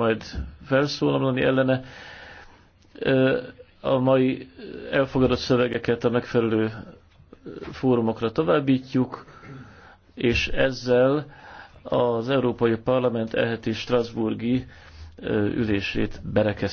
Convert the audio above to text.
majd felszólalni ellene. A mai elfogadott szövegeket a megfelelő fórumokra továbbítjuk, és ezzel az Európai Parlament eheti Strasburgi ülését berekeztetjük.